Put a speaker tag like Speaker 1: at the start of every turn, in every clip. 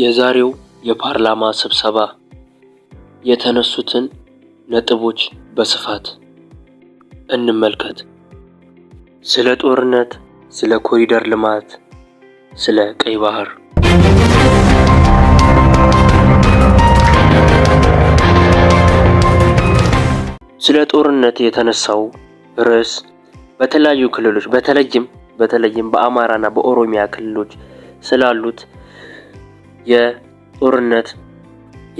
Speaker 1: የዛሬው የፓርላማ ስብሰባ የተነሱትን ነጥቦች በስፋት እንመልከት። ስለ ጦርነት፣ ስለ ኮሪደር ልማት፣ ስለ ቀይ ባህር ስለ ጦርነት የተነሳው ርዕስ በተለያዩ ክልሎች በተለይም በተለይም በአማራና በኦሮሚያ ክልሎች ስላሉት የጦርነት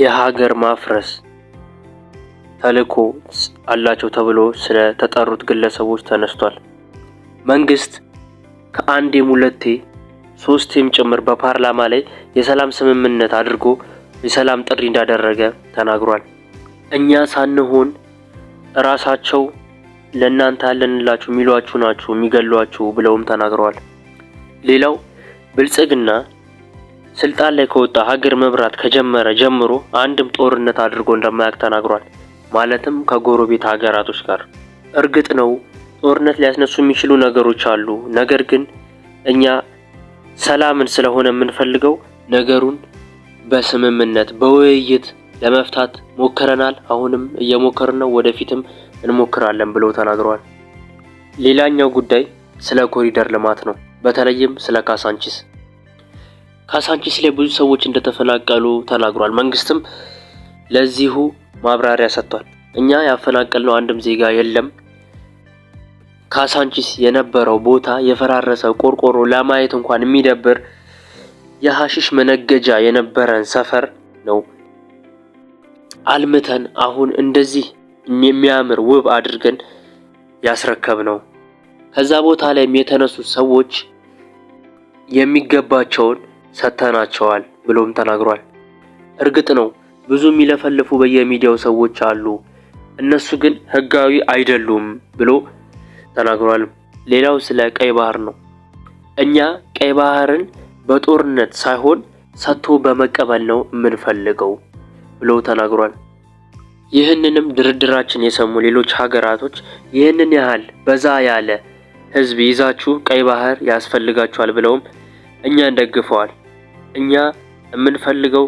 Speaker 1: የሀገር ማፍረስ ተልዕኮ አላቸው ተብሎ ስለ ተጠሩት ግለሰቦች ተነስቷል። መንግስት ከአንዴም ሁለቴ ሶስቴም ጭምር በፓርላማ ላይ የሰላም ስምምነት አድርጎ የሰላም ጥሪ እንዳደረገ ተናግሯል። እኛ ሳንሆን እራሳቸው ለእናንተ ያለንላችሁ የሚሏችሁ ናችሁ የሚገሏችሁ ብለውም ተናግረዋል። ሌላው ብልጽግና ስልጣን ላይ ከወጣ ሀገር መብራት ከጀመረ ጀምሮ አንድም ጦርነት አድርጎ እንደማያውቅ ተናግሯል። ማለትም ከጎረቤት ሀገራቶች ጋር። እርግጥ ነው ጦርነት ሊያስነሱ የሚችሉ ነገሮች አሉ። ነገር ግን እኛ ሰላምን ስለሆነ የምንፈልገው ነገሩን በስምምነት በውይይት ለመፍታት ሞክረናል፣ አሁንም እየሞከርን ነው፣ ወደፊትም እንሞክራለን ብለው ተናግረዋል። ሌላኛው ጉዳይ ስለ ኮሪደር ልማት ነው። በተለይም ስለ ካሳንቺስ ካሳንቺስ ላይ ብዙ ሰዎች እንደተፈናቀሉ ተናግሯል። መንግስትም ለዚሁ ማብራሪያ ሰጥቷል። እኛ ያፈናቀልነው አንድም ዜጋ የለም። ካሳንቺስ የነበረው ቦታ የፈራረሰ ቆርቆሮ ለማየት እንኳን የሚደብር የሐሽሽ መነገጃ የነበረን ሰፈር ነው። አልምተን አሁን እንደዚህ የሚያምር ውብ አድርገን ያስረከብ ነው። ከዛ ቦታ ላይም የተነሱ ሰዎች የሚገባቸውን ሰጥተናቸዋል ብሎም ተናግሯል። እርግጥ ነው ብዙ የሚለፈልፉ በየሚዲያው ሰዎች አሉ፣ እነሱ ግን ህጋዊ አይደሉም ብሎ ተናግሯል። ሌላው ስለ ቀይ ባህር ነው። እኛ ቀይ ባህርን በጦርነት ሳይሆን ሰጥቶ በመቀበል ነው የምንፈልገው ብሎ ተናግሯል። ይህንንም ድርድራችን የሰሙ ሌሎች ሀገራቶች ይህንን ያህል በዛ ያለ ህዝብ ይዛችሁ ቀይ ባህር ያስፈልጋችኋል ብለውም እኛን ደግፈዋል። እኛ የምንፈልገው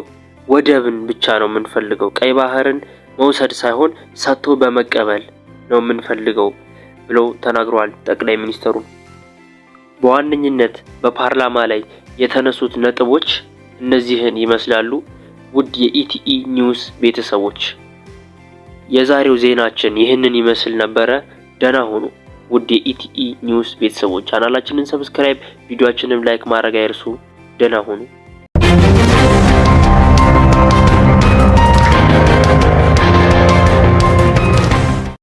Speaker 1: ወደብን ብቻ ነው የምንፈልገው። ቀይ ባህርን መውሰድ ሳይሆን ሰጥቶ በመቀበል ነው የምንፈልገው ብሎ ተናግሯል ጠቅላይ ሚኒስትሩ። በዋነኝነት በፓርላማ ላይ የተነሱት ነጥቦች እነዚህን ይመስላሉ። ውድ የኢቲኢ ኒውስ ቤተሰቦች የዛሬው ዜናችን ይህንን ይመስል ነበረ። ደህና ሁኑ። ውድ የኢቲኢ ኒውስ ቤተሰቦች ቻናላችንን ሰብስክራይብ፣ ቪዲዮችንም ላይክ ማድረግ አይርሱ። ደህና ሁኑ።